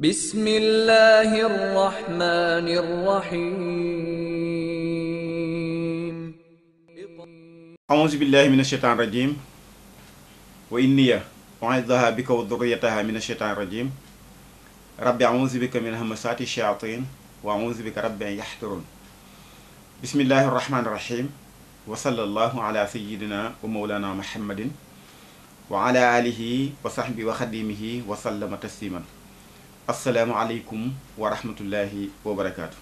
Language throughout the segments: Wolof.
بسم الله الرحمن الرحيم أعوذ بالله من الشيطان الرجيم وإني أعيذها بك وذريتها من الشيطان الرجيم ربي أعوذ بك من همسات الشياطين وأعوذ بك ربي يحضرون بسم الله الرحمن الرحيم وصلى الله على سيدنا ومولانا محمد وعلى آله وصحبه وخديمه وسلم تسليما asalaamualeykum wa rahmatullahi wa barakaatu.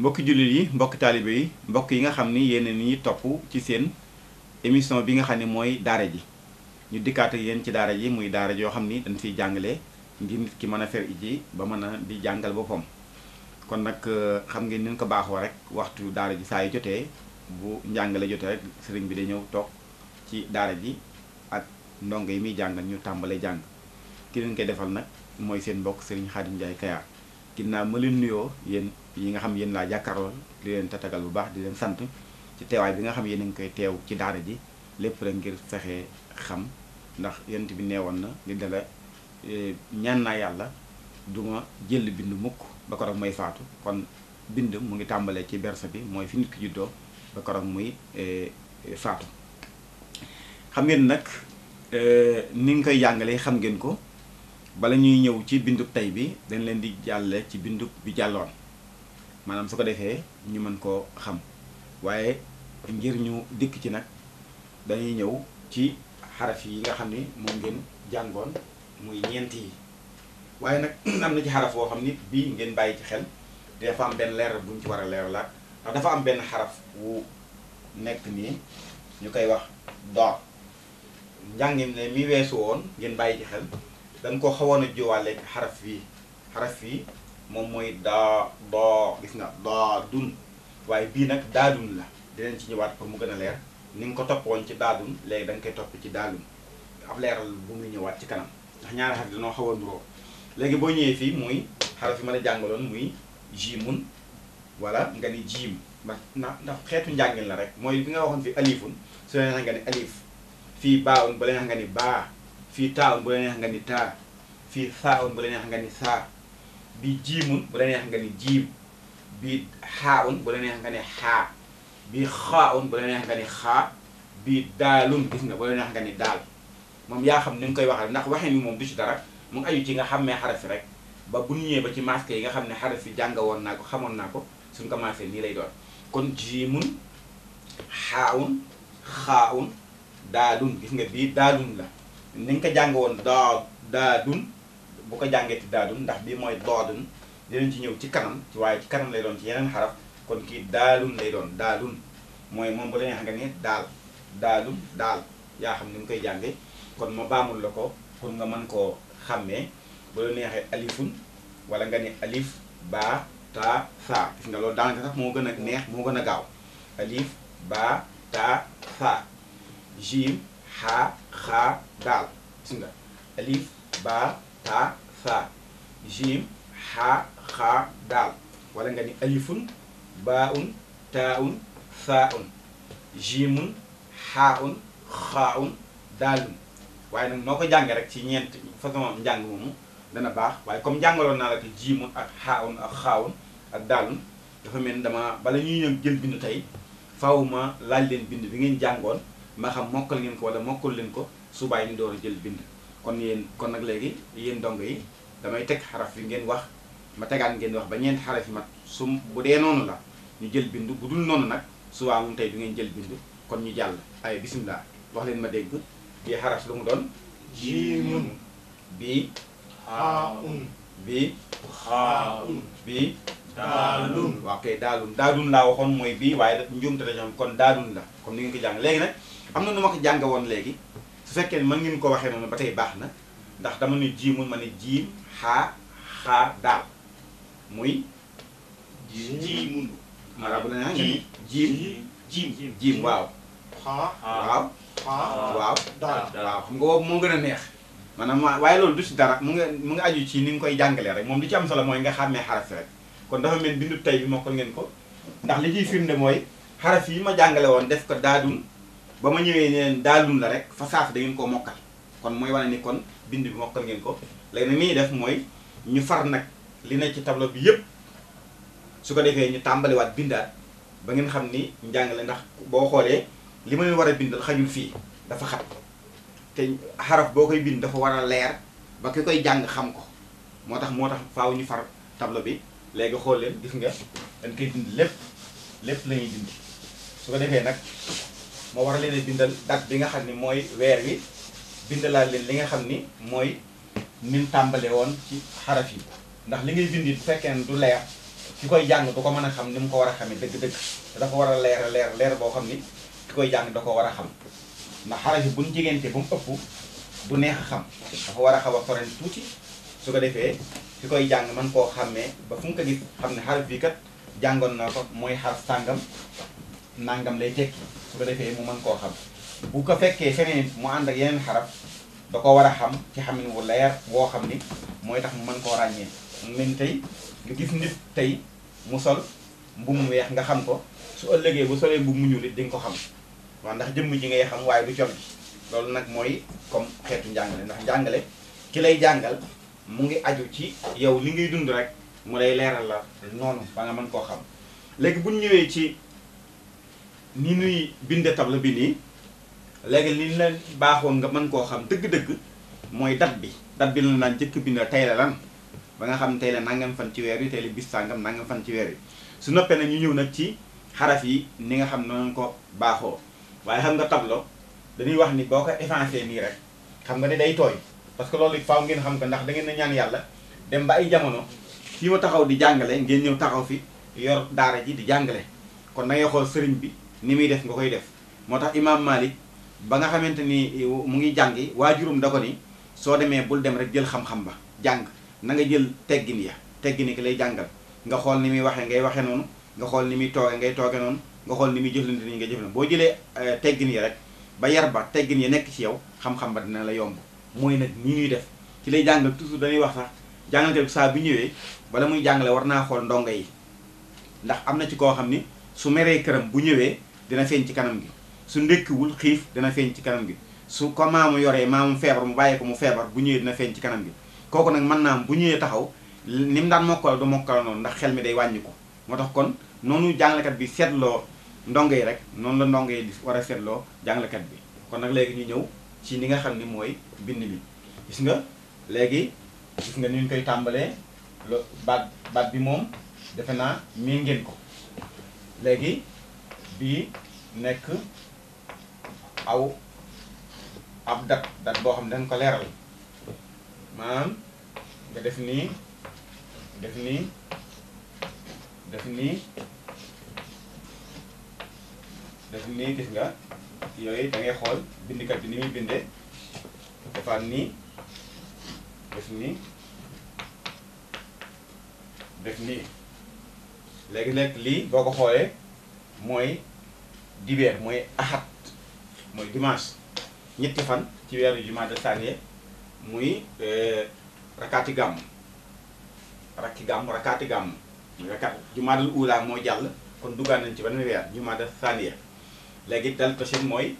mbokki jullit yi mbokki taalibe yi mbokk yi nga xam ni yéen ni topp ci seen émission bi nga xam ne mooy daara ji ñu dikkaata ak yéen ci daara ji muy daara joo xam ni dañ fiy jàngale ngir ki mën a fer iji ba mën a di jàngal boppam. kon nag euh, xam ngeen ni ko baaxoo rek waxtu daara ji saa yu jotee bu njàngale jotee rek sëriñ bi day ñëw toog ci daara ji ak ndongo yi muy jàngal ñu tàmbale jàng ki leen koy defal nag. mooy seen mbokk Serigne Khadim Ndiaye Kayar ginnaaw ma leen nuyoo yéen yi nga xam yéen laa jàkkaarlool di leen tatagal bu baax di leen sant ci teewaay bi nga xam yéen a ngi koy teew ci daara ji lépp rek ngir fexe xam ndax yent bi neewoon na li dala e, ñaan naa yàlla du jël bind mukk ba ko may faatu kon bind mu ngi tàmbalee ci berse bi mooy fi nit ki juddoo ba ko muy e, e, faatu xam ngeen nag ni nga koy jàngalee xam ngeen ko bala ñuy ñëw ci bindu tey bi dañ leen di jàlle ci bindu bi jàlloon maanaam su ko defee ñu mën koo xam waaye ngir ñu dikk ci nag dañuy ñëw ci xaraf yi nga xam ni moom ngeen jàngoon muy ñeent yi waaye nag am na ci xaraf woo xam ni bii ngeen bàyyi ci xel dafa am benn leer buñ ci war a leer la ndax dafa am benn xaraf wu nekk nii ñu koy wax do njàngim ne mi weesu woon ngeen bàyyi ci xel da nga ko xawoon a jiwaaleeg xaraf yi xaraf yi moom mooy daa doo gis nga doo dun waaye bii nag daadun la deneen ci ñëwaat pour mu gën a leer ni nga ko toppoon ci daadun léegi da nga koy topp ci daadun ab leeral bu muy ñëwaat ci kanam ndax ñaari xaraf dañoo xaw a nuroo léegi boo ñëwee fii muy xaraf man a la jàngaloon muy jiimun wala nga ni jiim ndax ndax xeetu njàngin la rek mooy bi nga waxoon fi alifun su la neexee nga ni alif fii baawun ba nga ni baa fii taaun bu la neex taa fii saaun bu la neex nga ni saa bi jiimun bu la neex nga ni jiim bi xaaun bu la neex nga ni xaa bi xaaun bu la neex nga ni xaa bi daalun gis nga bu la neex nga ni daal moom yaa xam ni nga koy waxal ndax waxin bi moom du ci dara mu ngi ci nga xam xàmmee xarafi rek ba bu ñëwee ba ci masque yi nga xam ne xaraf yi jàngawoon naa ko xamoon naa ko suñ ko nii lay doon kon jiimun xaawun xaawun daalun gis nga bii daalun la ni nga ko jàng woon daa daadun bu ko jàngee ci daadun ndax bii mooy doodun dinañ ci ñëw ci kanam ci waaye ci kanam lay doon ci yeneen xaraf kon kii daalun lay doon daalun mooy moom bu la neexee nga ne daal daalun daal yaa xam ni mu koy jànge kon ma baamul la ko pour nga mën koo xàmmee bu la neexee alifun wala nga ni alif baa taa saa gis nga loolu daanaka sax moo gën a neex moo gën a gaaw alif baa taa saa jiim xaa xaa daal gis nga alif ba ta sa jim xaa xaa daal wala nga ni alifun baaun taaun saaun jimun xaaun xaaun daalun waaye nag noo ko jàngee rek ci ñeent façon njàng moomu dana baax waaye comme jàngaloon naa la te jimun ak xaaun ak xaawun ak daalun dafa mel ni dama bala ñuy ñëw jël bind tey faaw ma laaj leen bind bi ngeen jàngoon maa xam mokkal ngeen ko wala leen ko subaay ñu door a jël bind kon yéen kon nag léegi yéen dong yi damay teg xaraf yi ngeen wax ma tegaat ngeen wax ba ñeenti xaraf yi mat su bu dee noonu la ñu jël bind bu dul noonu nag subaa moom tey du ngeen jël bind kon ñu jàll ay bisimilah wax leen ma dégg bii xaraf lu mu doon jiimun bii xaaun bii xaaun bii daalun waaw laa waxoon mooy bii waaye njuumte dañoo kon daalun la comme ni ngeen ko jàng léegi nag am na nu ma ko jàng woon léegi su fekkee ne mën ngeen ko waxee noonu ba tey baax na ndax dama ne jiimun ma ne jiim xaa xaa daal muy. jiimun arab la nga ne jiim jiim jiim waaw. xaa waaw. xaa waaw waaw xam nga boobu moo gën a neex. maanaam waaye loolu du si dara mu nga mu nga aju ci ni nga koy jàngalee rek moom li ci am solo mooy nga xàmmee xaraf rek kon dafa mel bindu tey bi mokkal ngeen ko ndax li ciy firnde mooy xaraf yi ma jàngale woon def ko daadum ba ma ñëwee neen daalum la rek fa saaf da koo mokkal kon mooy wane ni kon bind bi mokkal ngeen ko léegi nag ni ñuy def mooy ñu far nag li nekk ci tablo bi yëpp su ko defee ñu tàmbaliwaat bindaat ba ngeen xam ni njàngale ndax boo xoolee li ma war a bindal xajul fii dafa xat te xaraf boo koy bind dafa war a leer ba ki koy jàng xam ko moo tax moo tax faaw ñu far tableau bi léegi xool leen gis nga dañ koy bind lépp lépp su ko defee nag moo war leen a bindal date bi nga xam ni mooy weer wi bindalaat leen li nga xam ni mooy nim tàmbale woon ci xaraf yi ndax li ngay bindit fekkee du leer ki koy jàng du ko mën a xam ni mu ko war a xamee dëgg-dëgg dafa war a leer leer boo xam ni ki koy jàng da ko war a xam ndax xaraf yi bu ba mu ëpp du neex a war a xaw a foren tuuti su ko defee ki koy jàng man koo xàmmee ba fu mu ko gis xam ne xaraf bi kat jàngoon naa ko mooy xaraf sàngam nangam lay tekki su ko defee mu mën koo xam bu ko fekkee feneen mu ànd ak yeneen xaraf da ko war a xam ci xamin wu leer woo xam ni mooy tax mu mën koo ràññee mel tey nga gis tey mu sol mbubb mu weex nga xam ko su ëllëgee bu solee mbubb mu ñuul it di nga waaw ndax jëmm ji ngay xam waaye du col gi loolu nag mooy comme xeetu njàngale ndax njàngale ki lay jàngal mu ngi aju ci yow li ngay dund rek mu lay leeral la noonu ba nga mën koo xam léegi bu ñëwee ci ni nuy binde table bi nii léegi li la baaxoon nga mën koo xam dëgg-dëgg mooy date bi date bi la naan jëkk bind tey la lan ba nga xam tey la nangam fan ci weer wi tey la bis sàngam nangam fan ci weer wi su noppee nag ñu ñëw nag ci xaraf yi ni nga xam noonu ko baaxoo waaye xam nga tablo dañuy wax ni boo ko effacé nii rek xam nga ne day tooy parce que loolu faw ngeen xam ko ndax da ngeen na ñaan yàlla dem ba ay jamono fii ma taxaw di jàngale ngeen ñëw taxaw yor daara ji di jàngale kon na ngay sëriñ bi ni muy def nga def Malik ba nga xamante ni mu ngi ni soo demee bul dem rek jël xam-xam ba jàng na nga jël teggin ya teggin ya ki lay jàngal nga xool ni muy waxee ngay waxee noonu nga xool ni ngay tooge noonu nga xool ni muy jëflante ni nga jëflante boo jëlee eh, ya rek ba yar ba teggin ya nekk ci yow xam-xam ba dina la yomb mooy nag ni ñuy def ci lay jàngal toujours dañuy wax sax jàngale saa bi ñëwee bala muy jàngale war naa xool ndax am ci su bu dina feeñ ci kanam gi su ndékkiwul xiif dina feeñ ci kanam gi su ko maamu yoree maamu feebar mu bàyyi ko mu feebar bu ñëwee dina feeñ ci kanam bi kooku nag mën naa am bu ñëwee taxaw ni mu daan mokkal du mokkal noonu ndax xel mi day wàññi ko moo tax kon noonu jàngalekat bi seetloo ndongo yi rek noonu la ndongo yi di war a seetloo jàngalekat bi kon nag léegi ñu ñëw ci ni nga xam ni mooy bind bi gis nga léegi gis nga ni ñu koy tàmbalee baat bi moom defe naa mii ngeen bii nekk aw ab dat dat boo xam ne dañ ko leeral maanaam nga def nii def nii def nii def nii gis nga yooyu da ngay xool bindkat bi ni muy bindee defaat nii def nii def nii léegi nag lii boo ko xoolee mooy dibeer mooy ahad mooy dimanche ñetti fan ci weeru jumaada saaniya muy euh, rakkaati gàmm rakki gàmm rakkaati gàmm rakkaat jumaadal uulaa moo jàll kon duggaan nañ ci benn weer jumaada saaniya léegi dal tachine mooy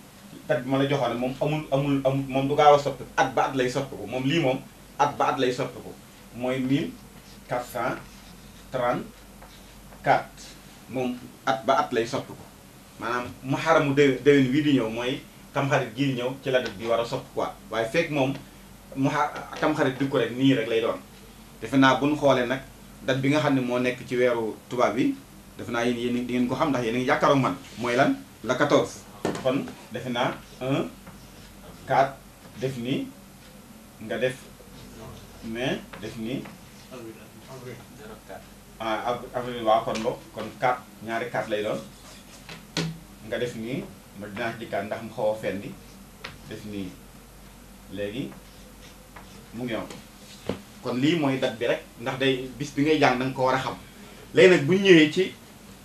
tat bi ma la amul amul amul moom du gaaw a soppi at ba at lay soppiku moom lii moom at ba at lay soppiku mooy 1434 moom at ba at lay soppiku maanaam mu muharamu dé déwén wii di ñëw mooy tamxarit gii ñëw ci la bi war a sopp quoi waaye fekk moom muha tamxarit dugg ko rek nii rek lay doon defe naa bu ñu xoolee nag date bi nga xam ne moo nekk ci weeru tubaab bi def naa yéen yéen di ngeen ko xam ndax yéen a man mooy lan la 14 kon defe naa 1 4 def nii nga def mais def nii ah avril waaw kon bo kon 4 ñaari 4 lay doon nga def nii ma dinaa dikkaat ndax mu xaw fendi def nii léegi mu ngi am kon lii mooy date bi rek ndax day bis bi ngay jàng da nga ko war a xam léegi nag bu ñu ñëwee ci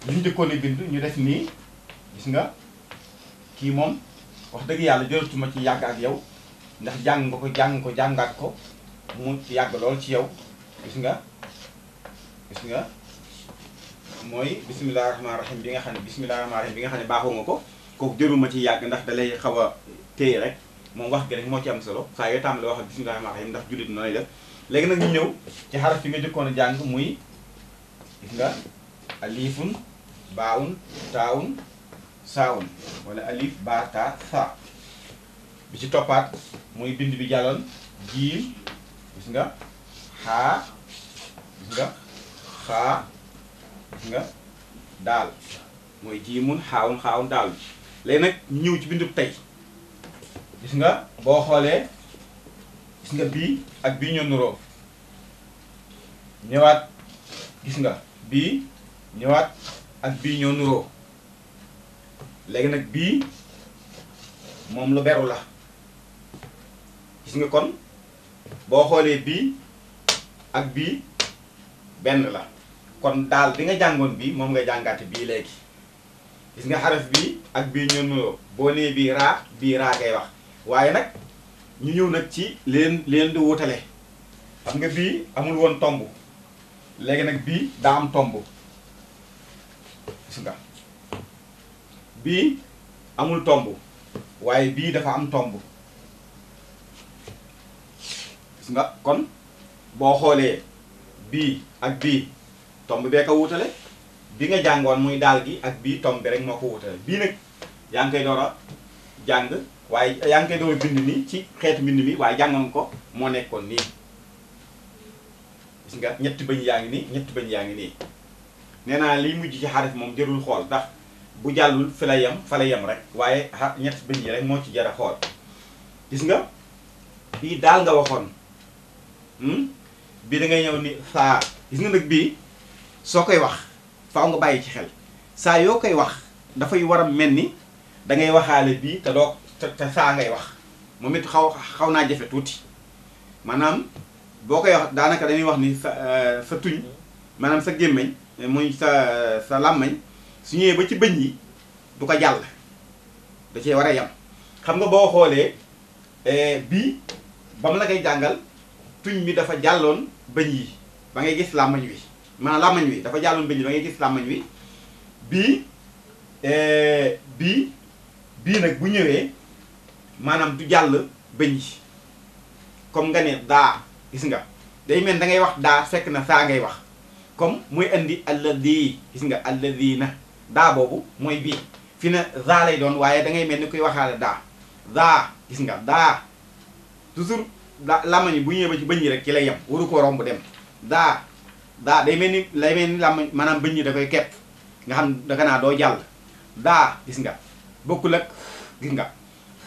liñ ko a bind ñu def nii gis nga kii moom wax dëgg yàlla jëlatuma ci yàgg ak yow ndax jàng ko jàng ko jàngaat ko mu yàgg lool ci yow gis nga gis nga. mooy bisimilah rahmaani rahim bi nga xam ne bisimilah rahmaani rahim bi nga xam ne baaxoo nga ko kook jëru ci yàgg ndax dalay xaw a téye rek moom wax gi moo ci am solo saa yoo tàmbale wax ak bisimilah rahmaani rahim ndax jullit noonu lay def léegi nag ñu ñëw ci xaraf bi nga jëkkoon a jàng muy gis nga alifun ci toppaat bind bi jàlloon jiim gis xaa gis xaa nga daal mooy jiimun xaawun xaawun daal léegi nag ñëw ci bindub tey gis nga boo xoolee gis nga bii ak bii ñoo nuroo ñëwaat gis nga bii ñëwaat ak bii ñoo nuroo léegi nag bii moom lu beru la gis nga kon boo xoolee bii ak bii benn la kon daal bi nga jàngoon bii moom nga jàngaati bii léegi gis nga xaraf bii ak bii ñoo nuyoo boo nee bii raa bii raa ngay wax waaye nag ñu ñëw nag ci leen leen di wutale xam nga bii amul woon tomb léegi nag bii daa am tomb amul tomb waaye bii dafa am tomb gis nga kon boo xoolee bii ak bii tomb bee ko wutale bi nga jàngoon muy daal gi ak bii tomb bi rek moo ko wutale bii nag yaa ngi koy door jàng waaye yaa ngi koy door bind nii ci xeetu bind mi waaye jàngoon ko moo nekkoon nii gis nga ñetti bëñ yaa ngi nii ñetti bëñ yaa ngi nii nee naa liy mujj ci xaraf moom jërul xool ndax bu jàllul fi la yem fa la yem rek waaye a ñetti bëñ yi rek moo ci jar xool gis nga bii daal nga waxoon hmm? bii dangay ngay ñëw ni saa gis nga nag bii soo koy wax faaw nga bàyyi ci xel saa yoo koy wax dafay war a mel ni dangay waxaale bii te doo te saa ngay wax moom it xaw xaw naa jafe tuuti maanaam boo koy wax daanaka dañuy wax ni sa euh, sa tuñ maanaam sa gémmiñ muy sa sa làmmañ su ñëwee ba ci bëñ yi du ko jàll da cee war a yam xam nga boo xoolee euh, bii ba mu la koy jàngal tuñ mi dafa jàlloon bëñ yi ba ngay gis làmmañ wi maanaam làmmañ wi dafa jàlloon bëñ da ngay gis làmmañ wi bii eh, bii bii nag bu ñëwee maanaam du jàll bëñ yi comme nga ne daa gis nga day mel da ngay wax daa fekk na saa ngay wax comme muy indi alladi gis nga alladi na daa boobu mooy bii fi na daa lay doon waaye da ngay mel ni kuy waxaale daa daa gis nga daa toujours làmmañ bu ñëwee ba ci bëñ yi rek ci lay yem waru ko romb dem daa day mel ni lay mel ni làmm maanaam bëñ ñi da koy kepp nga xam da nga naa doo jàll daa gis nga bokkul ak gis nga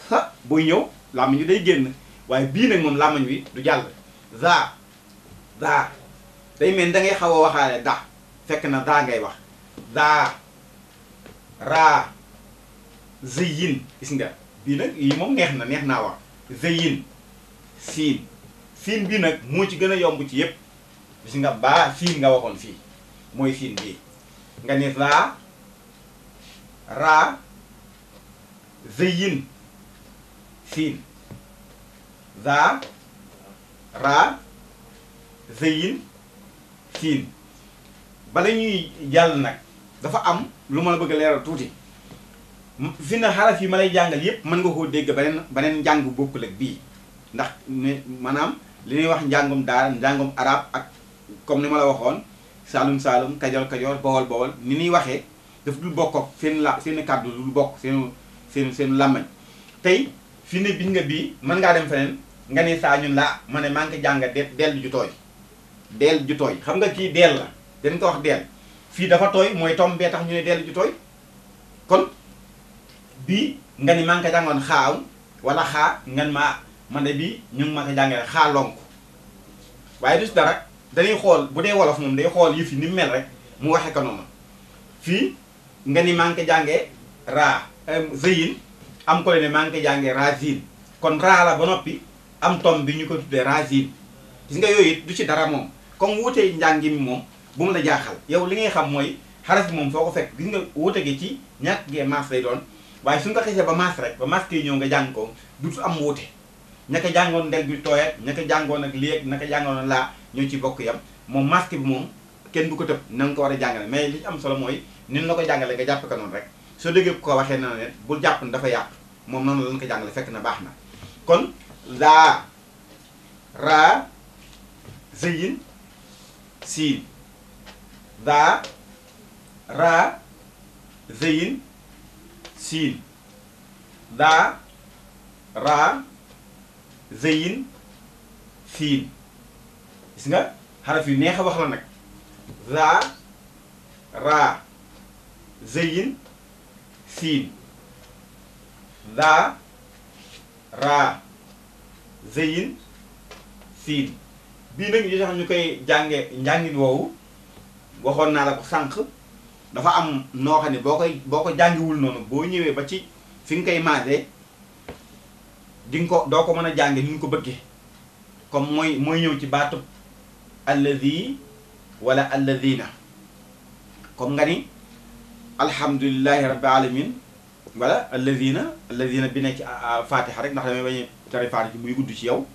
ha booy ñëw làmmiñ bi day génn waaye bii nag moom làmmiñ wi du jàll daa daa day mel ni da ngay xaw a waxaale da fekk na daa ngay wax daa raa zeyin gis nga bii nag yi moom neex na neex naa wax zeyin siin siin bii nag moo ci gën yomb ci yépp gis nga baa fiin nga waxoon fii mooy fiin bii nga ni laa raa zëyin fiin zaa raa zëyin fiin bala ñuy jàll nag dafa am lu ma la bëgg a leeral tuuti fi na yi ma lay jàngal yépp mën nga koo dégg beneen beneen njàng bokkul ak bii ndax ne maanaam li ñuy wax njàngum daara njàngum araab ak comme ni ma la waxoon saalum saalum kajoor kajoor bawol bawol ni ñuy waxee daf dul bokk seen la seen kàddu dul bokk seen seen seen làmmañ tey fi ne biñ nga bii mën ngaa dem feneen nga ne saa ñun laa ma ne maa ngi ko jàng de dell ju tooy dell ju tooy xam nga kii dell la dañ ko wax dell fii dafa tooy mooy tom bee tax ñu ne dell ju tooy kon bii nga ni maa ngi ko jàngoon xaaw wala xaa ngan ma mane de bii ñu ngi jàng ko xaa lonk waaye du si dara dañuy xool bu dee wolof moom day xool yëf yi ni mu mel rek mu waxe ko noonu fii nga ni maa ngi ko jàngee raa zeyin am ko le ne maa ngi ko jàngee razin kon raa la ba noppi am tom bi ñu ko tuddee razin gis nga yooyu it du ci dara moom comme wuutee njàngi mi moom bu mu la jaaxal yow li ngay xam mooy xaraf bi moom foo ko fekk gis nga wuute gi ci ñàkk gee maas lay doon waaye su nga xesee ba maas rek ba maas kii ñëw nga jàng ko du am wuute ñaka jàngoon ndel bi tooyat ñaka jàngoon ak lii ak naka jàngoon ak laa ñoo ci bokk yam moom masque bi moom kenn bu ko tëb na nga ko war a jàngale mais li am solo mooy nin la ko jàngale nga jàpp ko noonu rek soo déggee ko waxee na ne bul jàpp ne dafa yàq moom noonu la ñu ko jàngale fekk na baax na kon laa raa zëyin siin daa raa zëyin siin daa raa zeyin siin gis nga xaraf yu neex wax la nag za ra zeyin siin za ra zeyin siin bii nag ñu tax ñu koy jànge njàngin woowu waxoon naa la ko sànq dafa am noo xam ne boo koy boo ko jàngiwul noonu boo ñëwee ba ci fi nga koy maasee di ko doo ko mën a jànge ni ñu ko bëggee comme mooy mooy ñëw ci baatu alladi wala alladina comme nga ni alhamdulilahi rabbi alamin wala alladina alladina bi nekk ci fatiha rek ndax damay bañ a tari fatiha muy gudd ci yow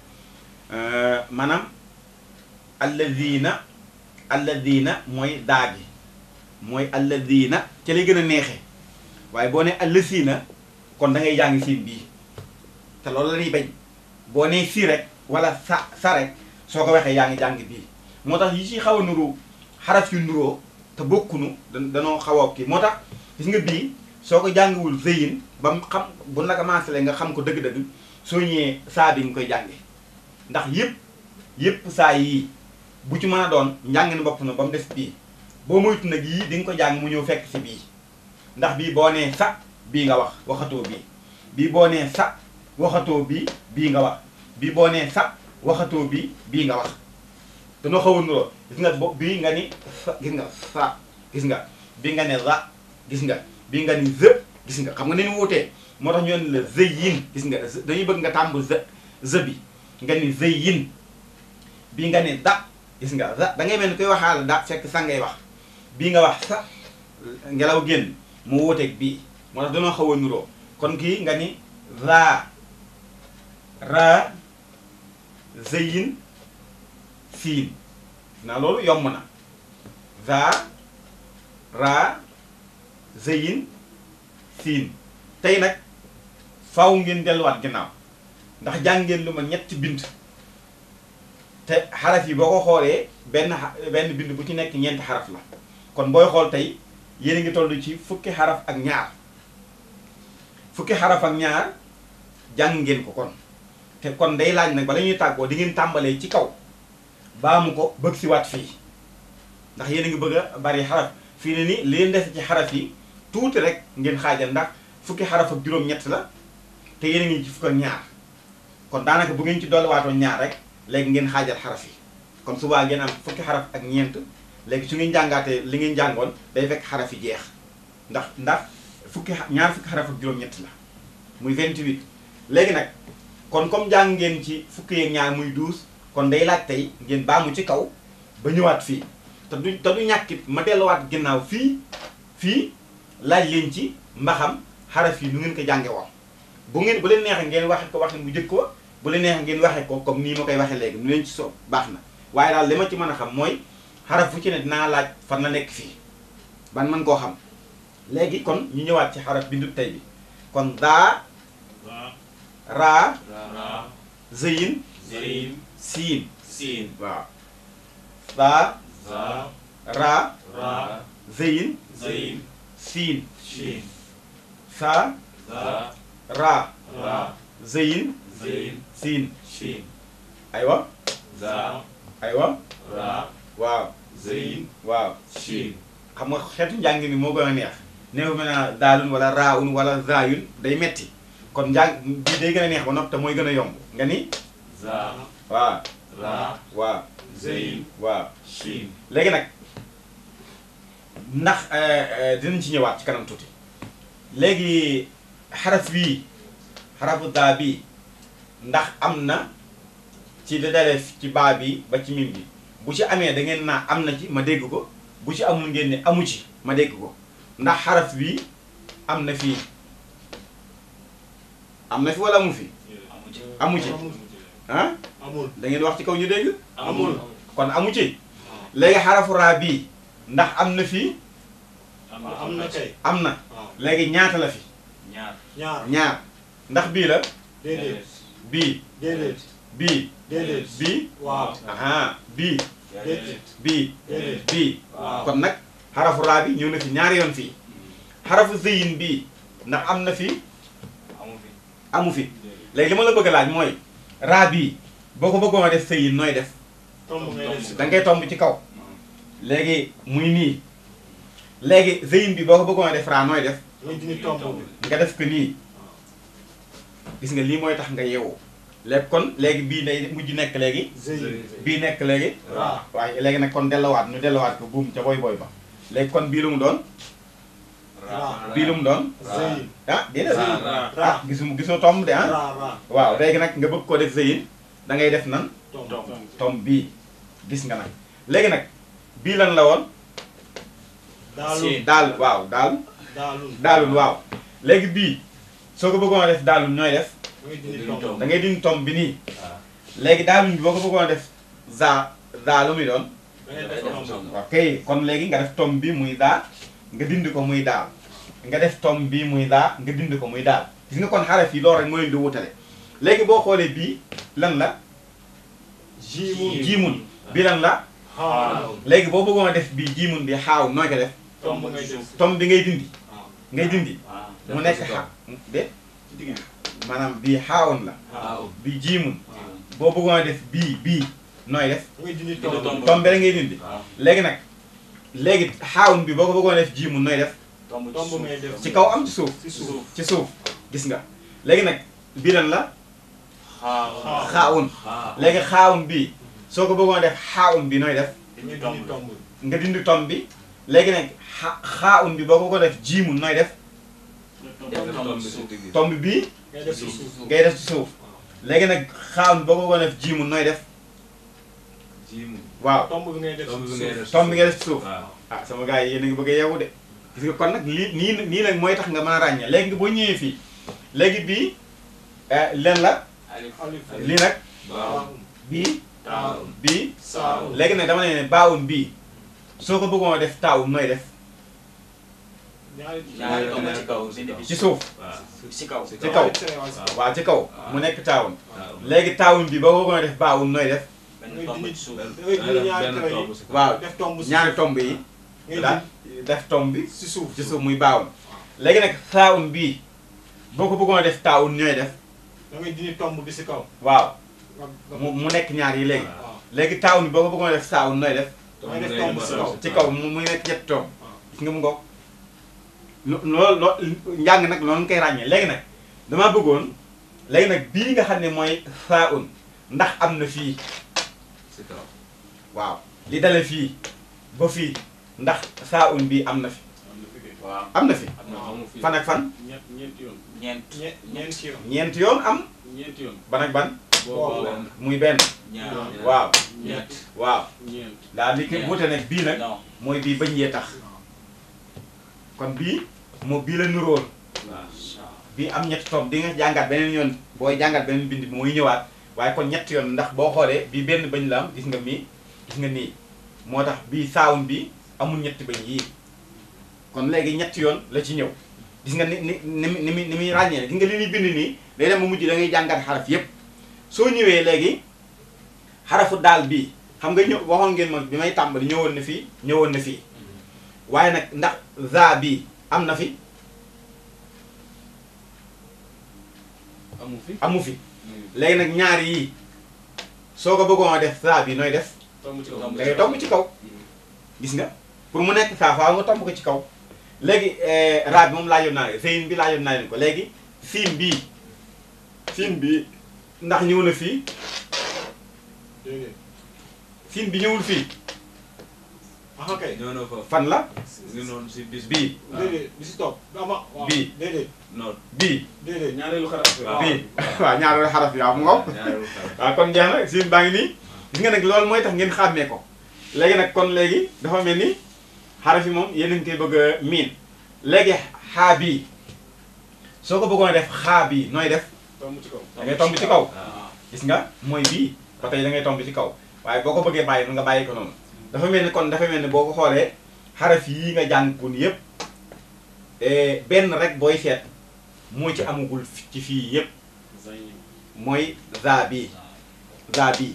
euh, maanaam alladina alladina mooy daa gi mooy alladina ca lay gën a neexee waaye boo ne allasina kon dangay ngay jàng siin bii te loolu la ñuy bañ boo nee si rek wala sa sa rek soo ko wexee yaa ngi jàng bii moo tax yi ci xaw a nuru xaraf yu nuroo te bokkunu danoo xaw a kii moo tax gis nga bii soo ko jàngiwul zëyin ba mu xam bu la commencé le nga xam ko dëgg-dëgg soo ñëwee saa bi nga koy jànge ndax yëpp yëpp saa yii bu ci mën a doon njàng ni bopp na ba mu des bii boo moytu nag yii di nga ko jàng mu ñëw fekk si bii ndax bii boo nee sa bii nga wax waxatoo bii bii boo waxatoo bii bii nga wax bi boo nee sax waxatoo bii bii nga wax dañoo xaw a nuroo gis nga bo bii nga ni fa gis nga bii nga ne ra gis nga bii nga ni zë gis nga xam nga ni wutee moo tax ñu ne gis nga dañuy bëgg nga tàmbu zë zë bi nga ni zë yin bii nga ne da gis nga da da ngay mel ni koy waxaale da fekk sa ngay wax bii nga wax sa ngelaw génn mu wuuteeg bii moo tax dañoo xaw a nuroo kon kii nga ni raa raa zeyin siin naa loolu yomb na za raa zeyin siin tey nag faw ngeen delluwaat ginnaaw ndax jàngeen lu ma ñetti bind te xaraf yi boo ko xoolee benn benn bind bu ci nekk ñeenti xaraf la kon booy xool tey yéen a ngi tollu ci fukki xaraf ak ñaar fukki xaraf ak ñaar jàng ngeen ko kon te kon day laaj nag bala ñuy tàggoo di ngeen tàmbalee ci kaw baamu ko bëgg si waat fii ndax yéen a ngi bëgg bari xaraf fii ne nii li leen def ci xaraf yi tuuti rek ngeen xaajal ndax fukki xaraf ak juróom-ñett la te yéen a ngi ci kon daanaka bu ngeen ci dolliwaatoon ñaar rek léegi ngeen xaajal xaraf yi kon subaa ngeen fukki xaraf ak ñeent léegi su jàngaatee li ngeen jàngoon day fekk xaraf yi jeex ndax ndax fukki ñaar fukki xaraf ak juróom-ñett la muy 28 léegi nag kon comme jàng ngeen ci fukki yeeg ñaar muy douze kon day laaj tey ngeen baamu ci kaw ba ñëwaat fii te du te du ñàkkit ma delluwaat ginnaaw fii fii laaj leen ci mbaxam xaraf yi nu ngeen ko jànge woon bu ngeen bu leen neexee ngeen waxe ko waxe mu jëkk ko bu leen neexee ngeen waxe ko comme nii ma koy waxee léegi nu leen ci soo baax na waaye daal li ma ci mën a xam mooy xaraf fu ci ne dinaa laaj fan la nekk fii ban man koo xam léegi kon ñu ñëwaat ci xaraf bi kon daa ra zayin siin siin waaw baa raa zayin siin saa raa zayin siin aywa aywa waaw zayin waaw siin xam nga xeetu njàng mi moo gën a neex neew mën a wala raawun wala zaayun day metti kon njàng bii day gën a neex ba nopp te mooy gën a yomb nga ni. za waaw. ra léegi nag ndax euh, euh, dinañ ci ñëwaat ci kanam tuuti léegi xaraf wii xarafu daa bii ndax am na ci dadaleef ci baa bi ba ci mim bi bu ci amee dangeen naa am na ci ma dégg ko bu ci amul ngeen ni amu ci ma dégg ko ndax xaraf wii am na fii. am na fi wala amu fi. amu ci ah. amul wax ci kaw ñu dégg. amul kon amu ci. léegi xarafu raa bii ndax am na fi am na ah, kay am na. Ah. léegi ñaata la fi. ñaar ñaar ndax bii la. déedéet bii. bii. bii. bii. kon nag xarafu raa bi ñëw na fi ñaari yoon fii. xarafu zëyin bii ndax am na fi amu fi léegi li ma la bëgg a laaj mooy raa bii boo ko bëggoon def sëy yi nooy def da ngay tomb ci kaw léegi muy nii léegi zeyin bi boo ko bëggoon def raa nooy def nga def ko nii gis nga lii mooy tax nga yeewu léegi kon léegi bii nay mujj nekk léegi bii nekk léegi waaye léegi nag kon dellowaat ñu dellowaat ko buum ca boy boy ba léegi kon bii lu mu doon bii lu mu doon ah déedéet ah gisu de ah waaw léegi nag nga bëgg koo def zeyin dangay def nan tomb bii gis nga nag léegi nag bii lan la woon daal waaw daal daalul waaw léegi bii soo ko bëggoon def daalul ñooy def da ngay dindi tomb bi nii ah. léegi daalul bi boo ko bëggoon a def za za lu muy doon kay kon léegi nga def tomb bi muy daa nga dindi ko muy daal nga def tom bii muy daa nga dindi ko muy daal gis nga kon xaraf yi loolu rek mooy di wutale léegi boo xoolee bii lan la jiimun jiimun ah. bi lan la léegi boo bëggoon def bii jiimun bi xaaw nooy ko def tom bi ngay dindi ngay dindi ah. ah. mu nekk xaaw de maanaam bii xaawoon la bii jiimun boo bëggoon def bii bii nooy def tom bi rek ngay dindi léegi nag léegi xaawun bi boo ko bëggoon def jiimu nooy def. ci kaw am ci suuf. ci suuf ci suuf gis nga. léegi nag bi lan la. xaawun léegi xaawun bi soo ko bëggoon def xaawun bi nooy def. nga dindi tomb bi. léegi nag xa xaawun bi boo ko ko def jiimu nooy def. tomb bi ngay def ci suuf. léegi nag xaawun bi boo ko ko def jiimu nooy def. waaw tomb bi ngay def suuf tomb bi ngay def suuf ah sama gars yi yéen ngi bëgg a yeewu de gis nga kon nag lii nii nii nag mooy tax nga mën a ràññee léegi boo ñëwee fii léegi bii eh, len la lii nag bii bii léegi nag dama ne ne baawum bii soo ko bëggoon def taawum nooy def ci suuf ci kaw ci kaw waaw ci kaw mu nekk taawum léegi taawum bi ba ko bëggoon def baawum nooy def waaw ñaari tomb yi la def tomb bi ci suuf ci suuf muy baawun léegi nag taawun bii boo ko bëggoon a def taawun ñooy def da ngay dindi tomb bi ci kaw waaw mu mu nekk ñaar yi léegi léegi taawun bi boo ko bëggoon a def taawun nooy def def tomb ci kaw ci kaw mu muy nekk ñetti tomb gis nga mu ngoog loolu loolu njàng nag noonu koy ràññee léegi nag damaa bëggoon léegi nag bii nga xam ne mooy faun ndax am na fii waaw li dale fii ba fii ndax saa un bii am na fi. am na fi. fan ak fan. ñeenti yoon. ñeent yoon. ñeenti yoon am. ñeenti yoon ban ak ban. muy benn. waaw. waaw. daal li ko wute nag bii nag. mooy bii bañ yee tax. kon bii moo bii la nuróol. bii am ñetti tomb di nga jàngat beneen yoon booy jàngat beneen bind bi ñëwaat. waaye kon ñett yoon ndax boo xoolee bii benn bañ la am gis nga mii gis nga nii moo tax bii saawum bi amul ñetti bañ yii kon léegi ñetti yoon la ci ñëw gis nga ni ni ni ni muy ni muy ràññee gis nga li ñuy bind nii day dem ba mujj dangay ngay jàngat xaraf yépp soo ñëwee léegi xarafu daal bii xam nga ñëw waxoon ngeen ma bi may tàmbali ñëwoon na fii ñëwoon na fii waaye nag ndax za bii am na fi amu fi amu fi léegi nag ñaar yii soo ko bëggoon a def saa bi nooy def. da ngay tomb ci kaw gis nga pour mu nekk saa faaw mu tomb ko ci kaw léegi eh, raa bi moom laajoon naa leen zeyin bi laajoon naa leen ko léegi siim bii siim bi ndax ñëw fii siim bi ñëwul fii ah ok non fan la. bii. waaw bii. bii. ñaareelu xaraf bi. waaw ñaareelu xaraf bi waaw mu ngoog. waaw kon jeex na siin baa ngi nii. gis nga nag loolu mooy tax ngeen xàmmee ko. léegi nag kon léegi dafa mel ni xaraf yi moom yéen a ngi koy bëgg a miin. léegi xaa bii soo ko bëggoon def xaa bii nooy def. tomb ci kaw da ngay tomb ci kaw. Ah. gis nga mooy bii ba tey da ngay tomb ci kaw waaye boo ko bëggee bàyyi mën nga bàyyi ko noonu. dafa mel ni kon dafa mel ni boo ko xoolee xaraf yii nga jàng kon yëpp e benn rek booy seet moo ci amagul ci fii yëpp mooy za zabi za bi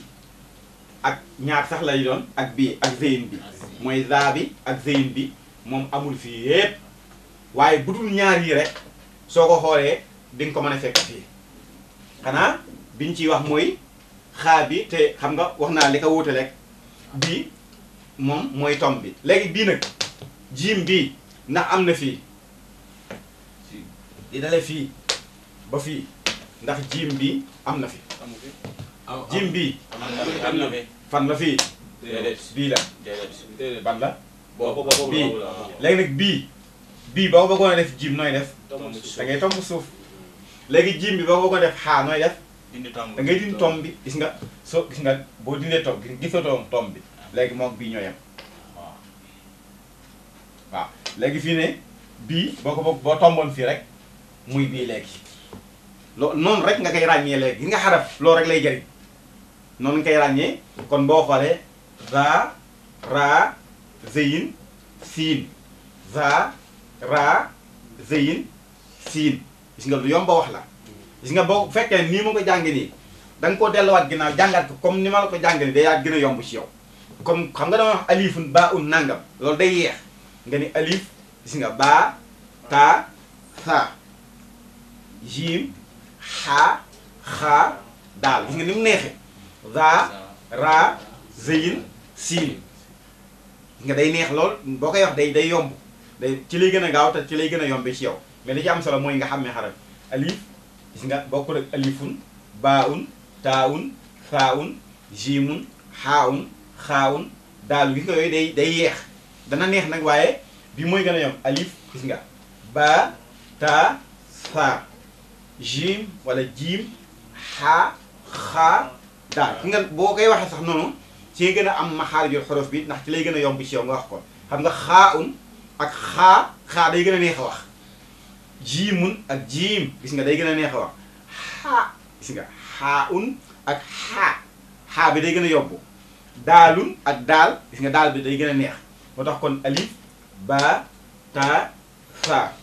ak ñaar sax lay doon ak bii ak zeyin bi mooy za ak zeyin bi moom amul fii yëpp waaye bu dul ñaar yi rek soo ko xoolee di nga ko mën a fekk fii xanaa biñ ciy wax mooy xaa bi te xam nga wax naa li ko wuute rek moom mooy tom bi léegi bii nag jiim bii ndax am na fii di dale fii ba fii ndax jiim bii am na fi jiim bii am na fi fan la fii bii la ban la bii léegi nag bii bii boo bëggoon a def jiim nooy def da ngay tomb suuf léegi jiim bi boo bëggoon a def xaa nooy def da ngay dindi tomb bi gis nga soo gis nga boo dindee tomb gisatoo tomb bi léegi mok bi ñoo yem waaw waaw léegi fii ne bii boo ko boo rek muy bi léegi loo noonu rek nga koy ràññee léegi nga xaraf loolu rek lay jëriñ non nga koy ràññee kon boo xoolee za ra zeyin siin za ra zeyin siin gis nga lu yom a wax la gis nga boo fekkee nii ma ko jàngi nii da nga koo delluwaat ginnaaw jàngat ko comme ni ma la ko jàngi nii day yaa gën a yomb ci yow comme xam nga dama wax alifun baa un nangam loolu day yeex nga ni alif gis nga baa taa saa jiim xaa xaa daal gis nga ni mu neexee za ra zayin siin nga day neex lool boo koy wax day day yomb day ci lay gën a gaaw te ci lay gën a yombe ci yow mais li ci am solo mooy nga xam ne xaraf alif gis nga bokkul ak alifun baa un taa un saa un jiimun xaa un xaawun daalu gis nga yooyu day day yeex dana neex nag waaye bi mooy gën a yomb alif gis nga ba ta sa jim wala jiim xaa xaa daal ki nga boo koy waxee sax noonu ci gën a am maxaarijul xorof bi ndax ci lay gën a yomb ci yow nga wax ko xam nga xaaun ak xaa xaa day gën a neex a wax jiimun ak jiim gis nga day gën a neex a wax xaa gis nga xaaun ak xaa xaa bi day gën a yomb daalu ak daal gis nga daal bi day gën a neex moo tax kon alif ba ta fa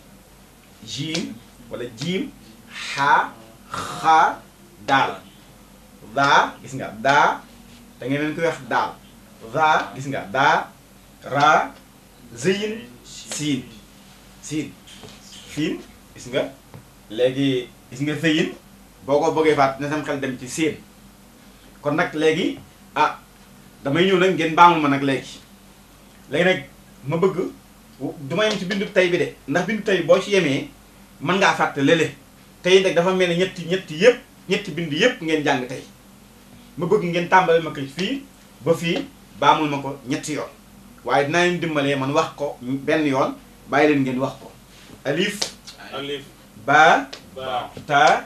jiim wala jiim xaa xaa daal daa gis nga daa da ngeen leen koy daal daa gis nga daa ra zeyin siin siin siin gis nga léegi gis nga zeyin boo ko bëggee faat na sam xel dem ci siin kon nag léegi ah damay ñëw nag ngeen baamul ma nag léegi léegi nag ma bëgg du ma yem ci bindu tey bi de ndax bindu tey boo ci yemee mën ngaa fàtte léeg tey nag dafa mel ne ñetti ñetti yëpp ñetti bind yëpp ngeen jàng tey ma bëgg ngeen tàmbale ma ko fii ba fii baamul ma ko ñetti yoon waaye dinaa leen dimbalee man wax ko benn yoon bàyyi leen ngeen wax ko alif alif ba ta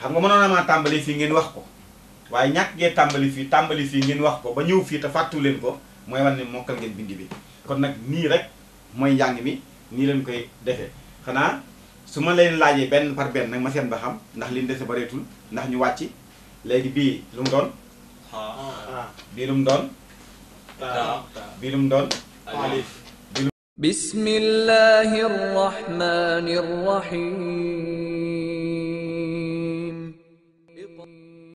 xam nga mënoon naa tàmbali fii ngeen wax ko waaye ñàkk gee tàmbali fii tàmbali fii ngeen wax ko ba ñëw fii te fàttu leen ko mooy wan ni mokkal ngeen bindi bi kon nag nii rek mooy njàng mi nii leen koy defee xanaa su leen laajee benn par ben nag ma seet ba xam ndax liñ dese bareetul ndax ñu wàcc léegi bii lu mu doon bii lu mu doon bii lu mu